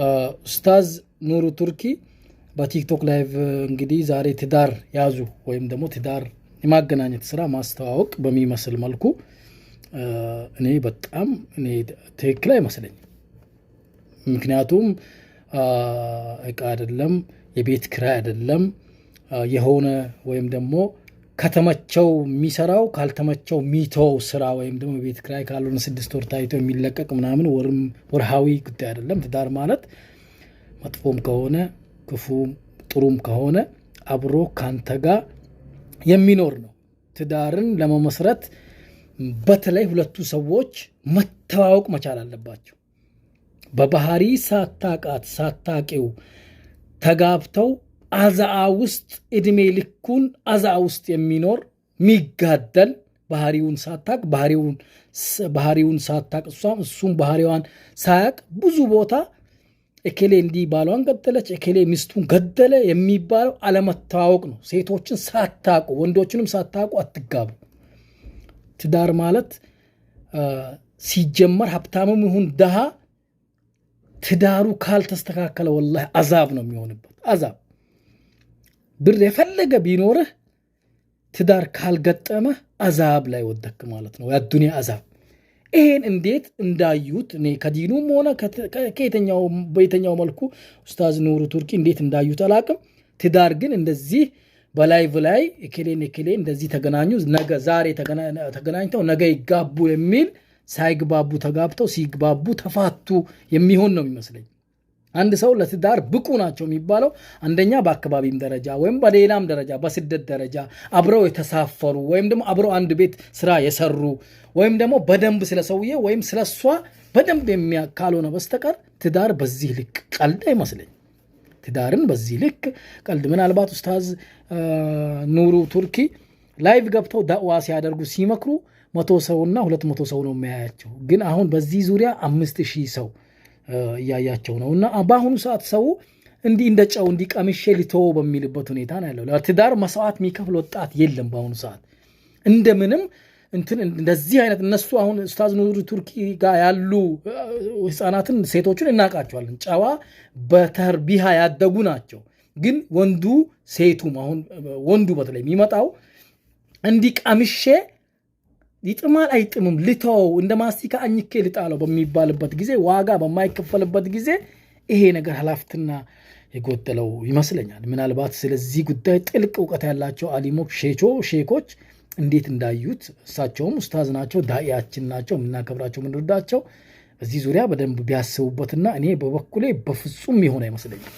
ኡስታዝ ኑሩ ቱርኪ በቲክቶክ ላይቭ እንግዲህ ዛሬ ትዳር ያዙ ወይም ደግሞ ትዳር የማገናኘት ስራ ማስተዋወቅ በሚመስል መልኩ እኔ በጣም እኔ ትክክል አይመስለኝም። ምክንያቱም እቃ አይደለም፣ የቤት ክራይ አይደለም፣ የሆነ ወይም ደግሞ ከተመቸው የሚሰራው ካልተመቸው ሚተው ስራ ወይም ደግሞ ቤት ክራይ ካልሆነ ስድስት ወር ታይቶ የሚለቀቅ ምናምን ወርሃዊ ጉዳይ አይደለም። ትዳር ማለት መጥፎም ከሆነ ክፉም ጥሩም ከሆነ አብሮ ካንተ ጋር የሚኖር ነው። ትዳርን ለመመስረት በተለይ ሁለቱ ሰዎች መተዋወቅ መቻል አለባቸው። በባህሪ ሳታቃት ሳታቂው ተጋብተው አዛአ ውስጥ እድሜ ልኩን አዛአ ውስጥ የሚኖር ሚጋደል ባህሪውን ሳታቅ ባህሪውን ሳታቅ እሷም እሱም ባህሪዋን ሳያቅ ብዙ ቦታ እኬሌ እንዲህ ባሏን ገደለች፣ እኬሌ ሚስቱን ገደለ የሚባለው አለመተዋወቅ ነው። ሴቶችን ሳታቁ ወንዶችንም ሳታቁ አትጋቡ። ትዳር ማለት ሲጀመር ሀብታምም ይሁን ድሃ ትዳሩ ካልተስተካከለ ወላሂ አዛብ ነው የሚሆንበት አዛብ ብር የፈለገ ቢኖርህ ትዳር ካልገጠመ አዛብ ላይ ወደክ ማለት ነው፣ የአዱኒያ አዛብ። ይሄን እንዴት እንዳዩት እኔ ከዲኑም ሆነ በየትኛው መልኩ ኡስታዝ ኑሩ ቱርኪ እንዴት እንዳዩት አላቅም። ትዳር ግን እንደዚህ በላይቭ ላይ እክሌን እክሌን እንደዚህ ተገናኙ፣ ነገ ዛሬ ተገናኝተው ነገ ይጋቡ የሚል ሳይግባቡ ተጋብተው ሲግባቡ ተፋቱ የሚሆን ነው የሚመስለኝ። አንድ ሰው ለትዳር ብቁ ናቸው የሚባለው አንደኛ በአካባቢም ደረጃ ወይም በሌላም ደረጃ በስደት ደረጃ አብረው የተሳፈሩ ወይም ደግሞ አብረው አንድ ቤት ስራ የሰሩ ወይም ደግሞ በደንብ ስለሰውዬ ወይም ስለሷ በደንብ የሚያ በስተቀር ትዳር በዚህ ልክ ቀልድ አይመስለኝ። ትዳርን በዚህ ልክ ቀልድ ምናልባት ኡስታዝ ኑሩ ቱርኪ ላይቭ ገብተው ዳዋ ሲያደርጉ ሲመክሩ መቶ ሰውና ሁለት መቶ ሰው ነው የሚያያቸው። ግን አሁን በዚህ ዙሪያ አምስት ሺህ ሰው እያያቸው ነው እና በአሁኑ ሰዓት ሰው እንዲህ እንደ ጨው እንዲህ ቀምሼ ልተወ በሚልበት ሁኔታ ነው ያለው። ለትዳር መስዋዕት የሚከፍል ወጣት የለም በአሁኑ ሰዓት እንደምንም እንትን እንደዚህ አይነት እነሱ አሁን ኡስታዝ ኑሪ ቱርኪ ጋር ያሉ ህፃናትን ሴቶችን እናውቃቸዋለን። ጨዋ በተርቢሃ ያደጉ ናቸው። ግን ወንዱ ሴቱም አሁን ወንዱ በተለይ የሚመጣው እንዲህ ቀምሼ ይጥማል አይጥምም ልተው እንደ ማስቲካ አኝኬ ልጣለው በሚባልበት ጊዜ ዋጋ በማይከፈልበት ጊዜ ይሄ ነገር ሀላፊትና የጎደለው ይመስለኛል። ምናልባት ስለዚህ ጉዳይ ጥልቅ እውቀት ያላቸው አሊሞች ሼቾ ሼኮች እንዴት እንዳዩት እሳቸውም ኡስታዝ ናቸው፣ ዳኢያችን ናቸው፣ የምናከብራቸው የምንወዳቸው እዚህ ዙሪያ በደንብ ቢያስቡበትና እኔ በበኩሌ በፍጹም የሆነ አይመስለኛል።